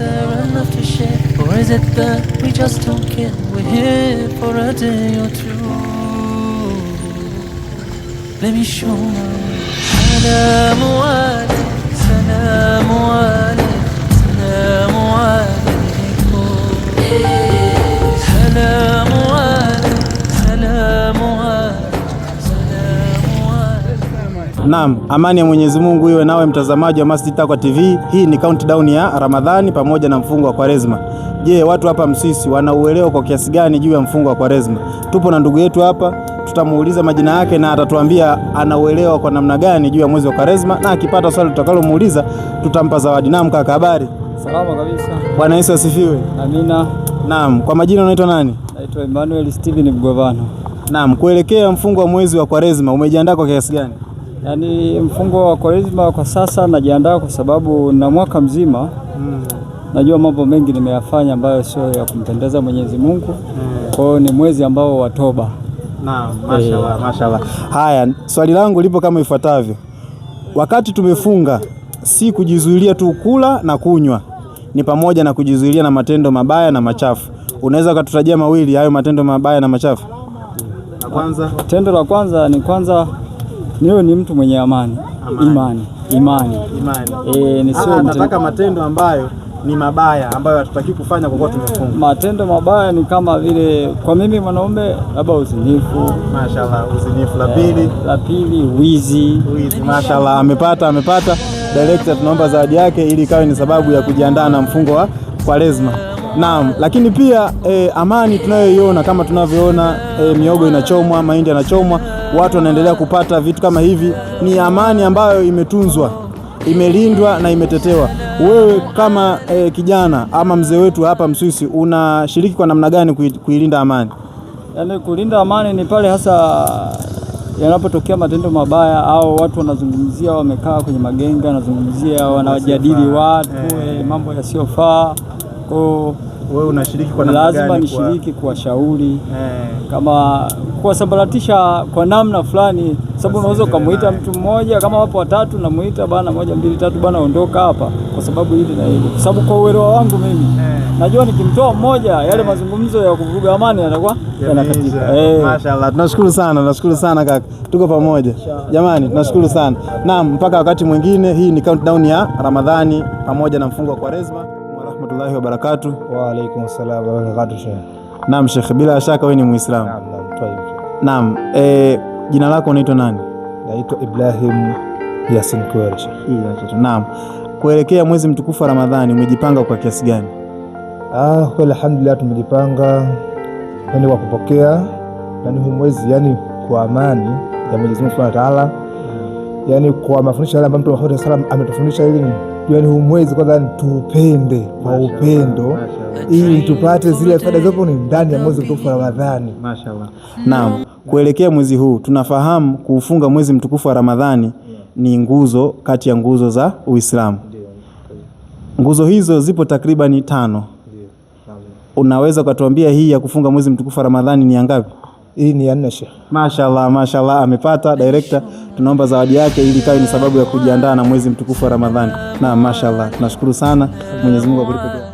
there enough to share? Or is it that we just don't care? We're here for a day or two. Let me show you. Naam, amani ya Mwenyezi Mungu iwe nawe mtazamaji wa Masjid Taqwa TV. Hii ni countdown ya Ramadhani pamoja na mfungo wa Kwaresma. Je, watu hapa Msisi wanauelewa kwa kiasi gani juu ya mfungo wa Kwaresma? Tupo na ndugu yetu hapa, tutamuuliza majina yake na atatuambia anauelewa kwa namna gani juu ya mwezi wa Kwaresma, na akipata swali tutakalomuuliza tutampa zawadi. Naam kaka, habari? Salama kabisa. Bwana Yesu asifiwe. Amina. Naam, kwa majina unaitwa nani? Naitwa Emmanuel Steven Mgovano. Naam, kuelekea mfungo wa mwezi wa Kwaresma umejiandaa kwa kiasi gani? Yaani mfungo wa Kwaresima kwa sasa najiandaa kwa sababu na mwaka mzima mm. najua mambo mengi nimeyafanya ambayo sio ya kumpendeza Mwenyezi Mungu mm. kwa hiyo ni mwezi ambao wa toba. Naam, mashallah, e, mashallah. Haya, swali langu lipo kama ifuatavyo: wakati tumefunga si kujizuilia tu kula na kunywa, ni pamoja na kujizuilia na matendo mabaya na machafu. Unaweza ukatutajia mawili hayo matendo mabaya na machafu? Kwanza, tendo la kwanza ni kwanza niwe ni mtu mwenye amani, imani, imani, imani. E, eh, nisiwe nataka matendo ambayo ni mabaya ambayo hatutaki kufanya kwa kuwa tumefunga. Matendo mabaya ni kama vile kwa mimi mwanaume labda uzinifu. Mashaallah, uzinifu la pili, eh, la pili wizi. Wizi, mashaallah, amepata amepata. Director, tunaomba zawadi yake ili ikawe ni sababu ya kujiandaa na mfungo wa Kwaresma. Naam, lakini pia eh, amani tunayoiona kama tunavyoona eh, miogo inachomwa, mahindi yanachomwa watu wanaendelea kupata vitu kama hivi. Ni amani ambayo imetunzwa, imelindwa na imetetewa. Wewe kama e, kijana ama mzee wetu hapa Msuisi, unashiriki kwa namna gani kuilinda amani? Yaani kulinda amani ni pale hasa yanapotokea matendo mabaya au watu wanazungumzia, wamekaa kwenye magenge, wanazungumzia, wanajadili watu eh, mambo yasiyofaa kwao wewe unashiriki kwa namna gani? Lazima nishiriki kuwashauri eh, kama kuwasambaratisha kwa namna fulani, sababu unaweza ukamuita mtu mmoja kama wapo watatu, namuita bana, moja mbili tatu, bana, ondoka hapa kwa sababu hili na hili, kwa sababu kwa uelewa wangu mimi eh. najua nikimtoa mmoja yale mazungumzo ya kuvuruga amani yanakuwa yanakatika. Eh, mashaallah, tunashukuru sana, tunashukuru sana kaka, tuko pamoja jamani, tunashukuru sana. Naam, mpaka wakati mwingine. Hii ni countdown ya Ramadhani pamoja na mfungo wa Kwaresma warahmatullahi wabarakatuh. Wa alaykum assalam wa rahmatullahi Sheikh. Naam bila shaka wewe ni Muislamu. Naam, naam. E, jina lako unaitwa nani? Naitwa Ibrahim Yasin Kweli. Naam. Kuelekea mwezi mtukufu wa Ramadhani umejipanga kwa kiasi gani? Ah, alhamdulillah tumejipanga yani kwa kupokea yani hu mwezi yani kwa amani ya Mwenyezi Mungu wa Ta'ala. Mm. Yani kwa mafundisho yale ambayo Mtume Muhammad sallallahu ametufundisha ili yaani humwezi kwanza tupende kwa upendo ili tupate zile faida zopo ni ndani ya mwezi mtukufu wa Ramadhani. Mashaallah. Naam, kuelekea mwezi huu tunafahamu kuufunga mwezi mtukufu wa Ramadhani ni nguzo kati ya nguzo za Uislamu. Nguzo hizo zipo takribani tano. Unaweza ukatuambia hii ya kufunga mwezi mtukufu wa Ramadhani ni yangapi? Hii ni ya nne shehe. Mashallah, mashallah amepata director. Tunaomba zawadi yake ili kawe ni sababu ya kujiandaa na mwezi mtukufu wa Ramadhani. Naam, mashallah. Tunashukuru sana. Mwenyezi Mungu akulipe.